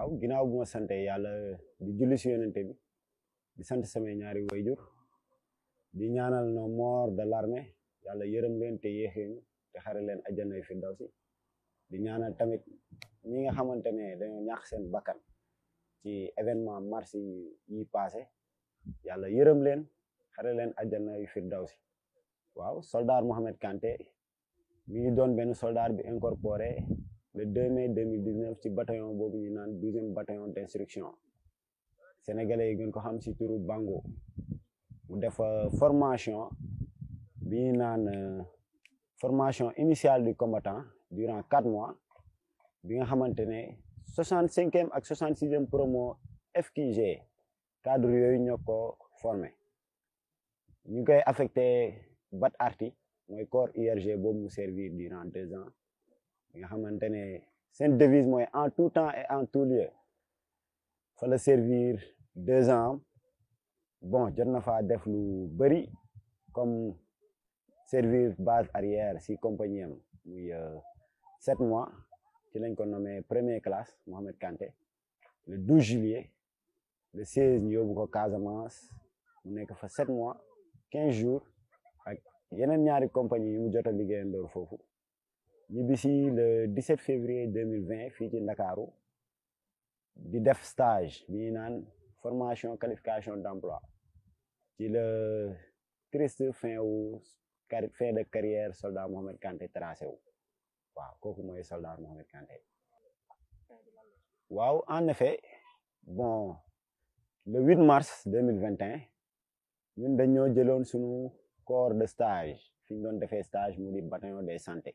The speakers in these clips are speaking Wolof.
waaw ginnaaw bu ma sante yàlla di julli si yonente bi di sant samay ñaari wayjur di ñaanal no mort de l'armée yàlla yërëm leen te yéexeenu te xare leen ajjanay firdawsi di ñaanal tamit ñi nga xamante ne da ñàkk seen bakkan ci événement mars yi passé yàlla yërëm leen xare leen ajjanay firdawsi waaw soldat Mohamed Kanté mi doon benn soldat bi incorporé le 2 mai 2019 ci bataillon boobu ñu naan e bataillon d'instruction sénégalais yi gën ko xam ci turu Bango mu def euh, formation bi euh, formation initiale du combattant durant 4 mois bi nga xamante 65e et ak 66 e promo FQG cadre yooyu ñoo ko formé ñu koy affecté BAT arti mooy corps IRG boobu mu servir durant 2 ans nga xamantene ne devise moy en tout temps et en tout lieu faut le servir deux ans bon jot na faa def lu bëri comme servir base arrière si compagnie am muy euh, sept mois ci lañ ko nommé première classe Mohamed Kanté le 12 juillet le 16 ñu yóbbu ko Casamance mu nekk fa sept mois quinze jours ak yeneen ñaari compagnie yu mu jot a liggéeyandoo foofu le 17 février 2020 fii ci Ndakaaru di def stage bi formation formation qualification d'emploi C'est le triste fin fin de carrière soldat Mohamed Kanté tracé Waouh, waaw moins soldat Mohamed Kanté en effet bon le 8 mars 2021 nous avons eu suñu corps de stage fi ñu doon stage mu di bataillon santé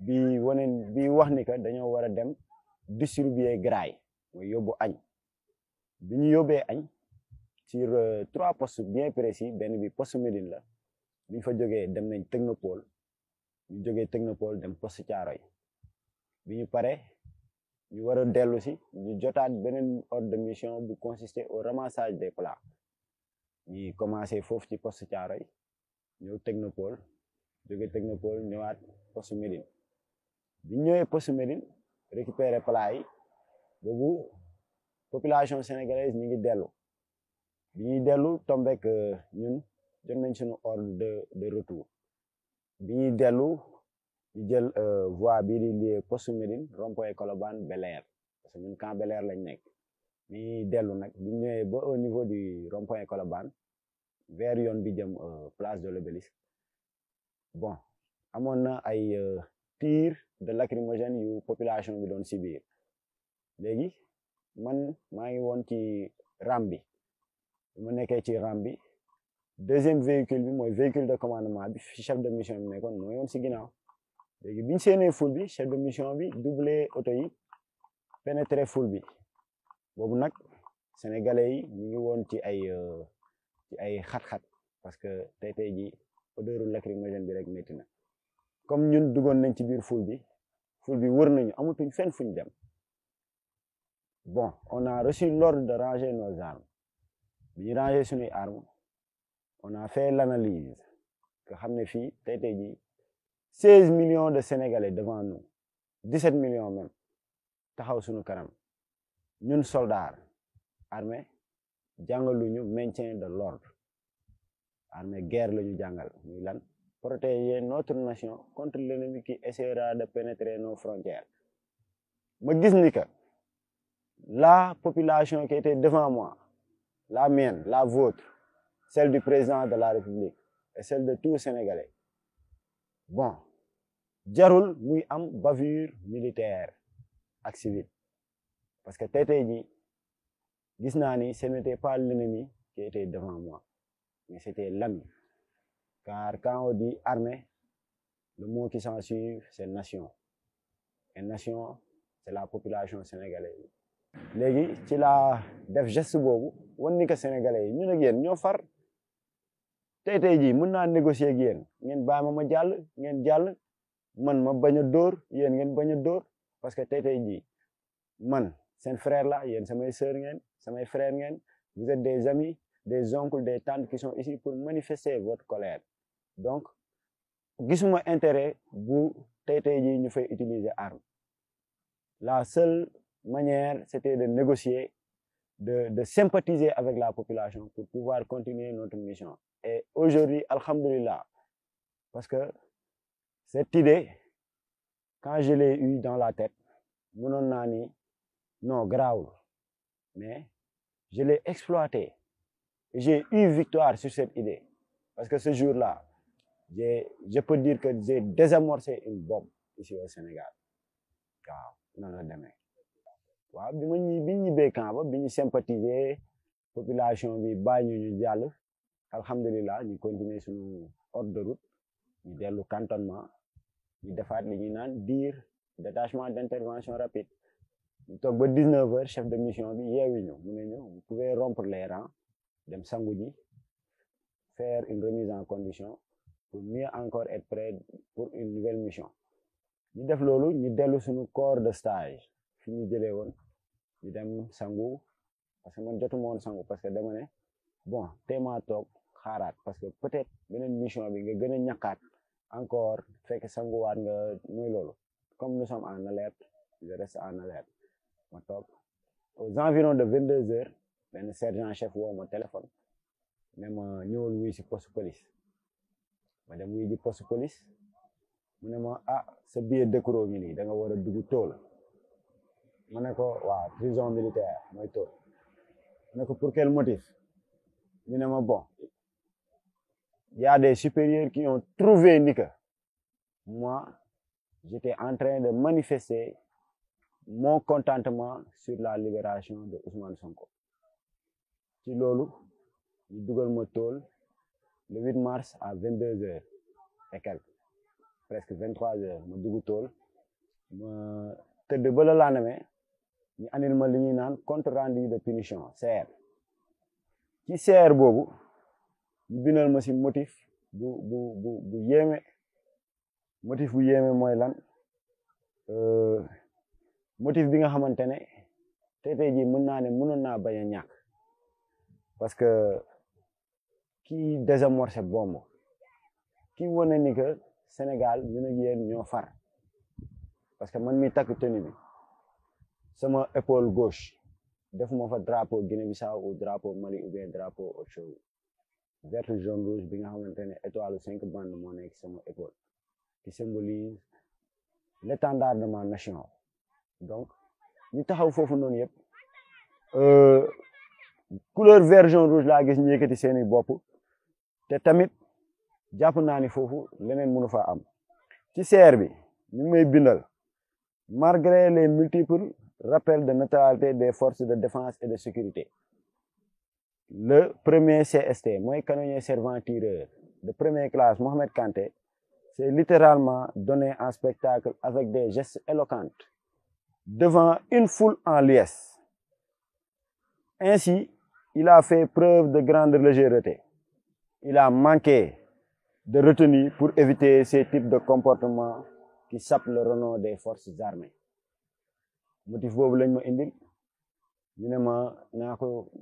bi wonen bi wax ni ka dañoo wara dem distribuer graay moy yobbu agn biñu yobé agn ci sur euh, trois postes bien précis ben bi poste medine la biñ fa joggé dem nañ technopole ñu joggé technopole dem poste tiaroy biñu paré ñu wara déllu ci ñu jotaat benen ordre de mission bu consister au ramassage des plats ñi commencé fofu ci poste tiaroy ñeu technopole joggé technopole ñewat poste medine bi ñëwee poste Médine récupérer plat population sénégalaise ñi ngi dellu bi ñuy dellu tombek ñun jot nañ suñu ordre de de bi ñuy dellu ñu jël euh, voie bii di lié poste Médine rond parce que ñun camp Bel Air lañ nekk bi dellu nag bi ñëwee ba niveau du rond-point Colobane vers yoon bi jëm euh, place de l'Obélisque bon amoon na ay euh, tir de lacrymogène yu population bi doon si biir léegi man maa ngi woon ci ram bi ma nekkee ci ram bi deuxième véhicule bi mooy véhicule de commandement bi fi chef de mission bi nekkoon mooy woon si ginnaaw léegi biñ seenee ful bi chef de mission bi doublé oto yi pénétré ful bi boobu nag sénégalais yi ñu ngi woon ci ay euh, ci ay xat parce que tey tey ji odeuru lacrymogène bi rek métti na comme ñun duggoon nañ ci biir ful bi ful bi wër nañu amatuñ fenn fuñ dem bon on a reçu l'ordre de ranger nos armes bi ranger suñuy armes on a fait l'analyse nga xam ne fii tey tey jii seize millions de sénégalais devant nous dix-sept millions même taxaw suñu kanam ñun soldats armée jàngaluñu maintien de l'ordre armée guerre la ñu jàngal muy lan protéger notre nation contre l'ennemi qui essaiera de pénétrer nos frontières. Je dis que la population qui était devant moi, la mienne, la vôtre, celle du président de la République et celle de tous les Sénégalais. Bon, jarul muy une bavure militaire et civile parce que dit, ce n'était pas l'ennemi qui était devant moi mais c'était l'ami car quand on dit armée, le mot qui s'en suit, c'est nation. Et nation, c'est la population sénégalaise. Légui, ci laa def geste boobu wan au que sénégalais Nous ne ak yéen ñoo far tey tey mën naa négocier ak yéen ngeen bàyyi ma ma jàll ngeen man ma bañ d'or, dóor yéen ngeen d'or. parce que tey tey jii man un frère la yéen samay sœur frère vous êtes des amis des oncles des tantes qui sont ici pour manifester votre colère donc gisuma intérêt Vous, tey utiliser arme la seule manière c'était de négocier de sympathiser avec la population pour pouvoir continuer notre mission et aujourd'hui alhamdulillah parce que cette idée quand je l'ai eue dans la tête mononani, non mais je l'ai exploité j'ai eu victoire sur cette idée parce que ce jour-là je peux dire que j'ai désamorcé une bombe ici au Sénégal Car, non, la demain. Nous sommes ma ñi ba population bi bàyyi ñu ñu nous nous continuons continuer de route ñu le cantonnement ñu defaat li ñu dire détachement d'intervention rapide Il est ba 19 heures chef de mission bi yeewi ñu vous pouvez rompre les rangs dem faire une remise en condition pour mieux encore être prêt pour une nouvelle mission ñu def loolu ñu dellu suñu corps de stage fi ñu jëlee woon ñu dem sangou. parce que tout jotuma woon sangou, parce que dama ne bon à toog harat. parce que peut-être une mission bi nga gën a encore encore fekk sangou, nga muy lolo. comme nous sommes en alerte je reste en alerte ma toog aux environs de 22 h heures sergent chef ou ma téléphone même ma ñëwal wuy si poste police madame dem wuy ji poste police mu ma ah sa billet de ngi ni da nga wara a dugg tool ko prison militaire moy tool ma pour quel motif ñu ne ma bon y a des supérieurs qui ont trouvé Nika. » moi j'étais en train de manifester mon contentement sur la libération de Ousmane Sonko ci l'olu, ñu dugal ma tool le 8 mars à 22 heures et presque 23 heures ma dugg tool ma tëdd ba la lendemain ñu andil ma li ñuy naan compte de punition CR ci CR boobu ñu bindal ma si motif bu bu bu bu yéeme motif bu yéeme mooy lan euh, motif bi nga xamante ne tey tey jii mën naa ne mënoon naa bañ ñàkk kii désamorcé bomb kii wane ni que Sénégal ñun ak yéen ñoo far parce que man mi takk tenue bi sama épaule gauche def ma fa drapeau Guinée Bissau ou drapeau Mali ou bien drapeau autre chose vert jaune rouge bi nga xamante ne étoile cinq bandes moo nekk sama épaule qui symbolise l'étendard de ma nation donc ñu taxaw foofu noonu yëpp euh, couleur vert rouge laa gis ñu yëkkati seeni T'es tamit jàpp na ni foofu leneen fa am ci may malgré les multiples rappels de neutralité des forces de défense et de sécurité le premier CST moy canonnier servant tireur de première classe Mohamed Kanté s'est littéralement donné un spectacle avec des gestes éloquents devant une foule en liesse ainsi il a fait preuve de grande légèreté il a manqué de retenue pour éviter ces types de comportements qui sapent le renom des forces armées motif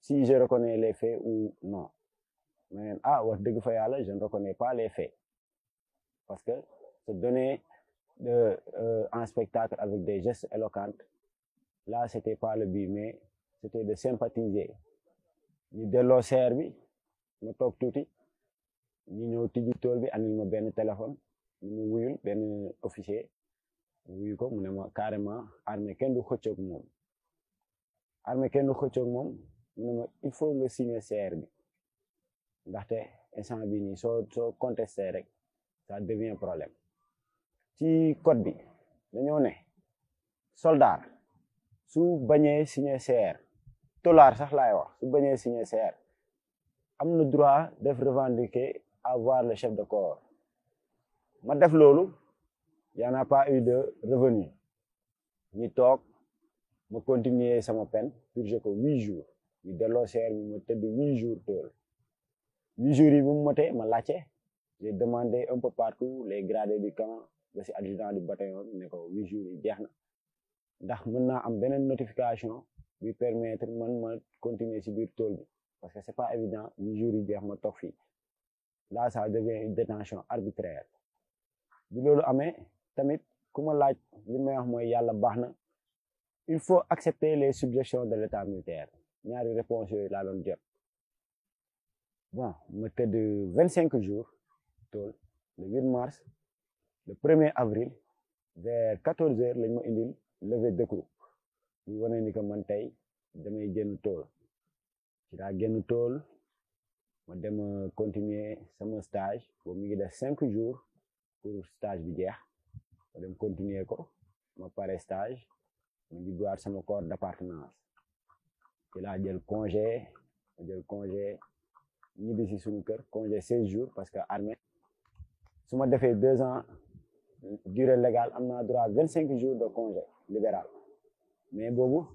si je reconnais les faits ou non Mais ah je ne reconnais pas les faits parce que se donner de, euh, un spectacle avec des gestes éloquents là c'était pas le but mais c'était de sympathiser ñu de seer bi ñu ñëw tijji tool bi andil ma benn téléphone mu wuyul benn officier wuyu ko mu ne ma carrément armée kenn du xëccoog moom armée kenn du xëccoog mu ne ma il faut nga signer CR bi ndaxte instant bi nii soo soo contesté rek ça devient problème ci code bi dañoo ne soldat su bañee signer CR tolaar sax laay wax su bañee signer CR am na droit def revendiquer à voir le chef de corps ma def lolu, y en a pas eu de revenu Ni toog ma continuer sama peine purgé ko huit jours Ni delloo seer bi ma tëdd huit jours tôt. huit jours il bu mu ma laché. j'ai demandé un peu partout les gradés du camp le si adjudant du bataillon ne ko huit jours yi jeex Donc, ndax mën naa am une notification bi permettre man ma continuer si biir tôt, bi parce que c'est pas évident huit jours yi jeex ma toog fii là ça devient une détention arbitraire Du lolu amé tamit kuma laaj li le wax moy il faut accepter les suggestions de l'état militaire ñaari réponse sur la doon jot bon était de 25 jours le 8 mars le 1er avril vers 14 heures lañ ma indil lever de groupe ñu wone ni que man tay damay genn tol ci da genn tol ma dem euh, continuer sama stage pour mi jours pour stage bi continuer stage corps d'appartenance congé congé congé 16 jours parce que armée ma deux ans durée légale droit vingt jours de congé libéral mais jours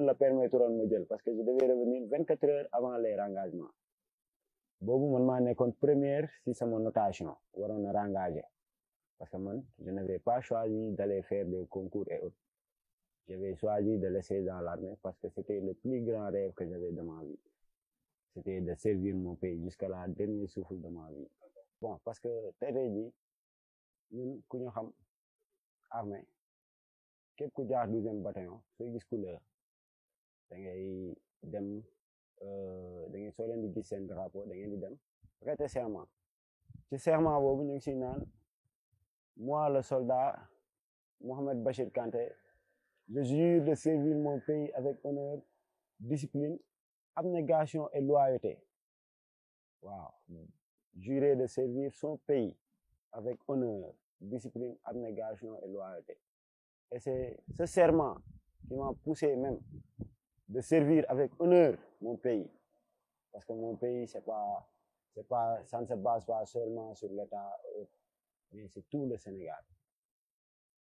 la parce que je devais revenir vingt heures avant les rengagements bobu man ma première si sama notation waroon rangage parce que man je n'avais pas choisi d'aller faire des concours et autres j'avais choisi de laisser dans l'armée parce que c'était le plus grand rêve que j'avais de ma vie c'était de servir mon pays jusqu'à la dernière souffle de ma vie bon parce que tey di nous ku ñu xam armée képp ku jaar bataillon c'est gis couleur da ngay dem da ngeen soo drapeau da serment Ce serment moi le soldat Mohamed Bachir Kanté je jure de servir mon pays avec honneur discipline abnégation et loyauté waaw jurer de servir son pays avec honneur discipline abnégation et loyauté et c'est ce serment qui m'a poussé même de servir avec honneur mon pays. Parce que mon pays, c'est pas, c'est pas, ça ne se base pas seulement sur l'État, euh, mais c'est tout le Sénégal.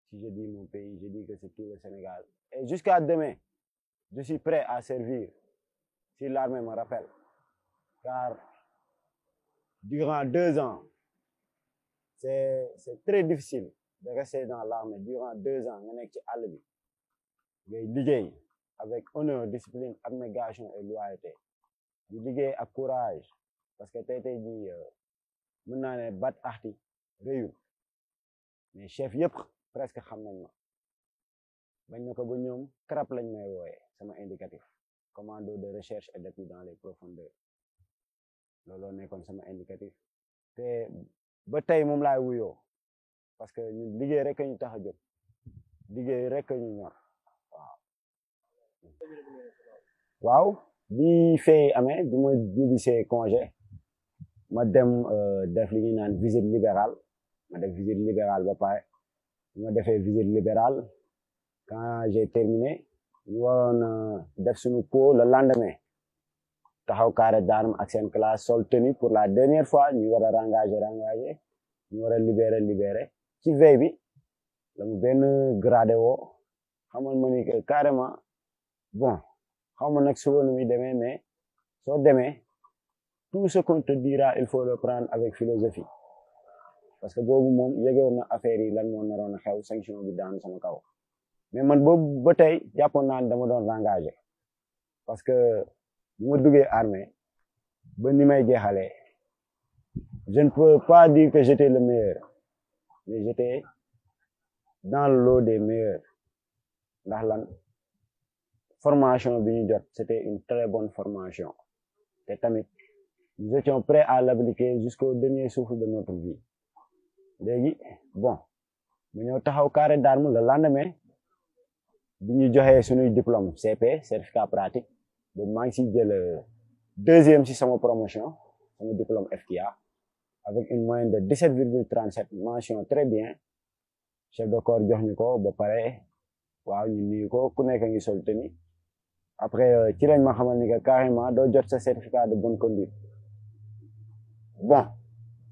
Si je dis mon pays, je dis que c'est tout le Sénégal. Et jusqu'à demain, je suis prêt à servir, si l'armée me rappelle. Car durant deux ans, c'est très difficile de rester dans l'armée. Durant deux ans, on est qui avec honneur discipline abnégation et loyauté di liggéey courage parce que tey été dit maintenant naa ne bat mais chef yep, presque xam ma bañ na ko ba ñoom CRAP lañ may wooyee sama indicatif commando de recherche et d'appui dans les profondeurs Lolo nekkoon sama indicatif te ba tey moom laay wuyoo parce que ñun liggéey rek a ñu tax a jóg liggéey rek a ñu ñor waaw bi fee amee bi ma ñibbisee congé ma dem euh, def li ñuy naan visite libérale ma def visite libérale ba pare ma defee visite libérale quand j'ai terminé ñu waroon euh, def suñu pot le lendemain taxaw carré d'armes ak seen sol tenue pour la dernière fois ñu war a rengagé rengagé ñu war a libéré libéré bi la mu benn gradé woo xamal ma ni carrément bon on ma que suba nu de demain, mais sur demain, tout ce qu'on te dira il faut le prendre avec philosophie parce que si on a na affaire yi lan moo naroon a xew sanction bi daan sama kaw mais man boobu ba tey jàppoon naa ne dama doon engagé parce que bu ma duggee armée ba ni may je ne peux pas dire que j'étais le meilleur mais j'étais dans l'eau des meilleurs formation jot une très bonne formation té tamit nous étions prêts à l'appliquer jusqu'au dernier souffle de notre vie légui bon mu ñëw taxaw carré d'armes. le lendemain bi ñu joxee le diplôme CP certificat pratique boobu ma ngi si jël euh, deuxième système sama promotion sama diplôme FTA avec une moyenne de 17,37. mention très bien chef de corps jox avons ko ba paré waaw ñu nuyu ko ku nekk ngi après euh, ci lañ ma xamal ni certificat de bonne conduite bon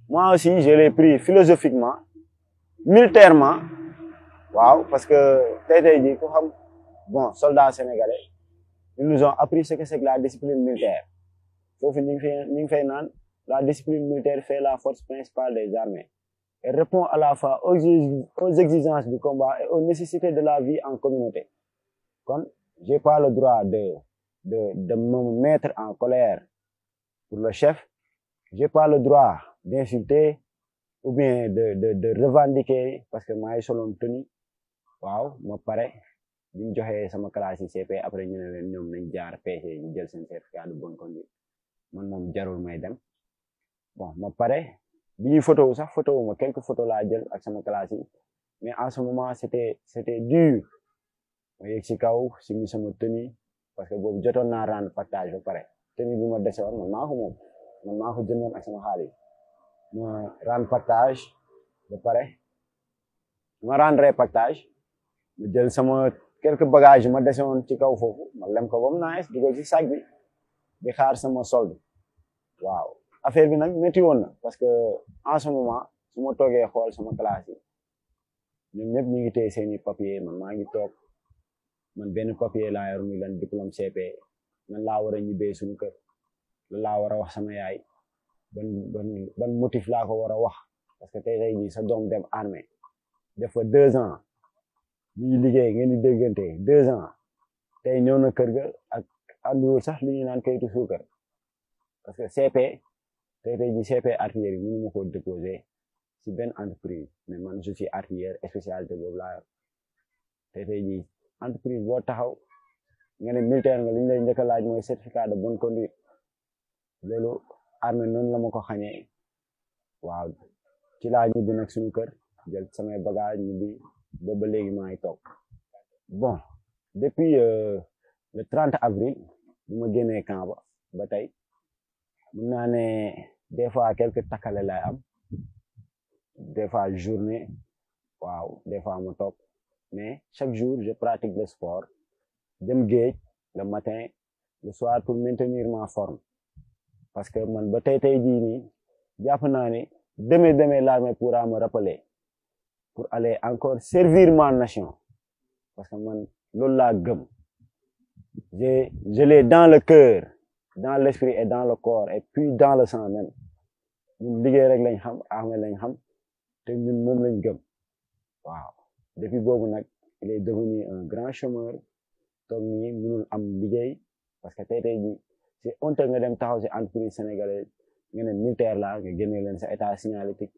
moi aussi je l'ai pris philosophiquement militairement waaw parce que tey bon soldats sénégalais ils nous ont appris ce que c'est que la discipline militaire la discipline militaire fait la force principale des armées et répond à la fois aux exigences du combat et aux nécessités de la vie en communauté comme j'ai pas le droit de, de, de me mettre en colère pour le chef. J'ai pas le droit d'insulter ou bien de, de, de revendiquer parce que moi, soloon tenue waaw ma pare bi ñu joxee sama classe CP après ñu ne leen ñoom nañ jaar PC ñu jël seen certificat de bonne conduite man moom jarul may dem bon ma pareil. bi photo wu sax photo quelques photos là jël ak sama classe mais en ce moment c'était c'était dur ma yegg si kaw si mi sama tenue parce que boobu jotoon naa rendre partage ba pare tenue bi ma dese woon ma maa ko moom man maa ko jëndoon ak sama xaalis ma rendre partage ba pare ma rendre partage ma jël sama quelque quelques bagages ma dese woon ci kaw foofu ma lem ko ba mu nice dugal ci sac bi di xaar sama solde waaw affaire bi nag métti woon na parce que en ce su ma toogee xool sama classe yi ñoom ñëpp ñu ngi téye seeni papier man benn papier laa yor muy lan diplôme CP man laa war a ñibbee suñu kër lan laa war a wax sama yaay ban motif laa ko war a wax parce que tey tey jii sa doom dem armée def fa deux ans ñuy liggéey ngeen di déggante deux ans tey ñëw na kër ga ak ànduwul sax li ñuy naan kayitu suukar parce que CP tey tey jii CP artillerie mënu ma koo déposé si benn entreprise mais man je suis artilleur spécialité boobu laa yor tey tey entreprise boo taxaw nga ne militaire nga li ñu laaj mooy certificat de bonne conduite loolu armée noonu la ma ko waaw ci laa ñibbi nag suñu kër jël samay bagage ñibbi booba léegi maa ngi toog bon depuis euh, le 30 avril bu ma génnee ba ba tey mun naa ne des fois quelque takkale lay am des fois journée waaw des fois ma toog mais chaque jour je pratique le sport dem le matin le soir pour maintenir ma forme parce que mon bataille est dit, jii demain, l'armée pourra me rappeler pour aller encore servir ma nation parce que mon lola je l'ai dans le cœur dans l'esprit et dans le corps et puis dans le sang même rek lañ xam lañ depuis boobu nag il est devenu un grand chômeur toog nii am liggéey parce que tey tey jii si honte nga dem taxaw si entreprise sénégalaise nga ne militaire la nga génne leen sa état signalétique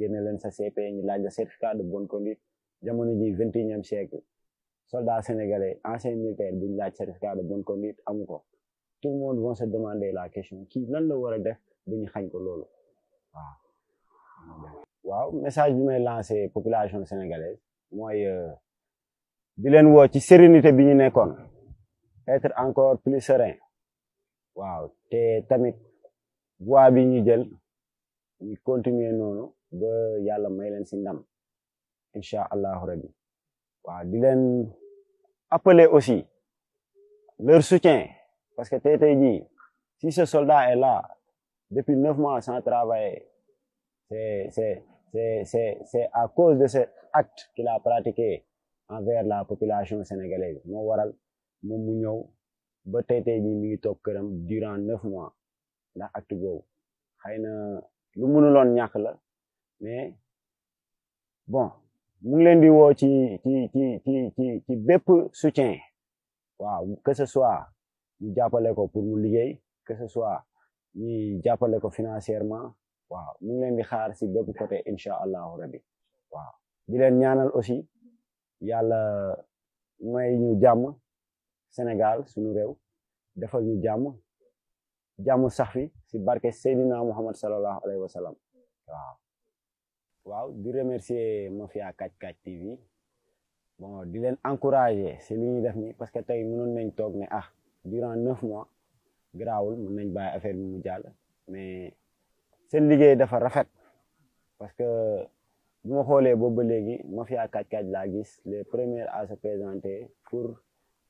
génne leen sa CP ñu laaj la certificat de bonne conduite jamono ji vingt et unième siècle soldat sénégalais ancien militaire bi laaj certificat de bonne conduite amu ko tout le monde vont demander la question kii lan la war a def ba ñu xañ ko loolu waaw waaw message bi may je euh, di leen woo ci sérénité être encore plus serein te tamit continuer di aussi leur soutien parce que t'es dit si ce soldat est là depuis neuf mois sans travailler c'est c'est c'est à cause de ce acte qu'il a pratiqué envers la population sénégalaise moo waral moom mu ñëw ba tey tey jii mi ngi toog këram durant neuf mois ndax acte boobu xëy na lu mënuloon ñàkk la mais bon mu ngi leen di woo ci ci ci ci ci bépp soutien waaw que ce soit ñu jàppale ko pour mu liggéey que ce soit ñu jàppale ko financièrement waaw mu ngi leen di xaar si bépp côté incha allah rabbi waaw di leen ñaanal aussi yàlla may ñu jàmm Sénégal suñu réew defal ñu jàmm jàmm sax fi si barke Seydina Muhammad sallallahu alayhi wa sallam waaw. waaw di remercier Mafia Kac Kac TV bon di leen encourager si li ñuy def nii parce que tey mënoon nañ toog ne ah durant neuf mois garaawul mën nañ bàyyi affaire bi mu jàll mais seen liggéey dafa rafet parce que. bu ma xoolee boobu léegi mafia kàcc-kàcc laa gis les premiers à se présenter pour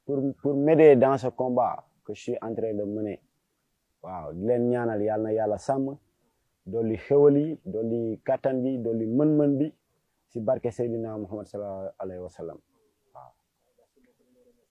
pour pour m'aider dans ce combat que je suis en train de mener waaw di leen ñaanal yàlla na yàlla sàmm dolli xéwal yi dolli kattan bi dolli mën-mën bi si barke Seydina Muhammad sallallahu alayhi wa sallam